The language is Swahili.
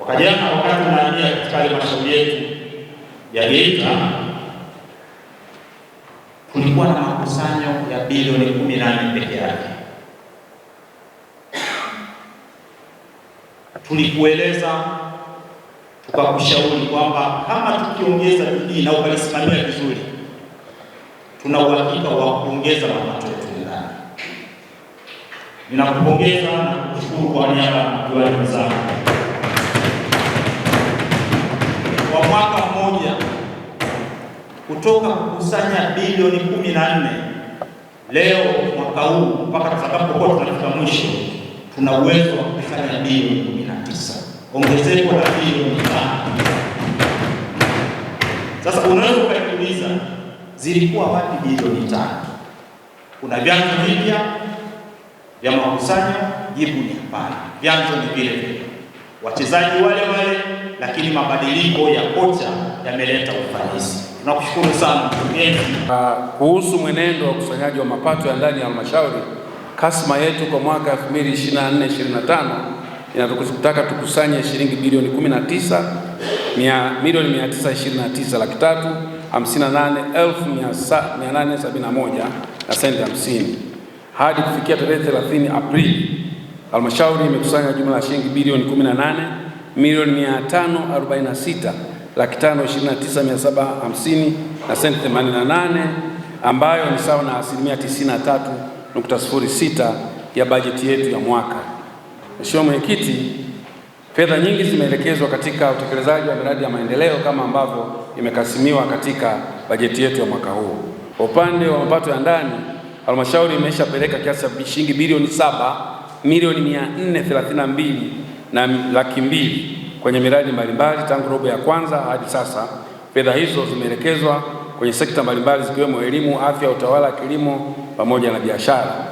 Mwaka jana wakati unaamia katika halmashauri yetu ya Geita kulikuwa na makusanyo ya bilioni kumi na nne peke yake. Tulikueleza, tukakushauri kwamba kama tukiongeza bidii na ukalisimamia vizuri, tuna uhakika wa kuongeza mapato yetu ndani. Ninakupongeza na kushukuru kwa niaba ya diwani wenzangu kutoka kukusanya bilioni kumi na nne leo mwaka huu mpaka tutakapokuwa tunafika mwisho, tuna uwezo wa kukusanya bilioni kumi na tisa ongezeko la bilioni tano. Sasa unaweza ukajiuliza zilikuwa wapi bilioni tano? Kuna vyanzo vipya vya makusanyo? Jibu ni hapana, vyanzo ni vile vile, wachezaji wale wale, lakini mabadiliko ya kocha yameleta ufanisi. Nakushukuru sana mkurugenzi. Ah, kuhusu mwenendo wa ukusanyaji wa mapato ya ndani ya halmashauri, kasma yetu kwa mwaka 2024/2025 inataka tukusanye shilingi bilioni 19 milioni 929 laki 3,58,871 na senti 50. Hadi kufikia tarehe 30 Aprili, halmashauri imekusanya jumla ya shilingi bilioni 18 milioni 546 laki tano ishirini na tisa mia saba hamsini na senti 88 ambayo ni sawa na asilimia 93.06 ya bajeti yetu ya mwaka. Mheshimiwa Mwenyekiti, fedha nyingi zimeelekezwa katika utekelezaji wa miradi ya maendeleo kama ambavyo imekasimiwa katika bajeti yetu ya mwaka huu. Kwa upande wa mapato ya ndani, halmashauri imeshapeleka kiasi cha shilingi bilioni 7 milioni 432 na laki mbili kwenye miradi mbalimbali tangu robo ya kwanza hadi sasa. Fedha hizo zimeelekezwa kwenye sekta mbalimbali zikiwemo elimu, afya, utawala, kilimo pamoja na biashara.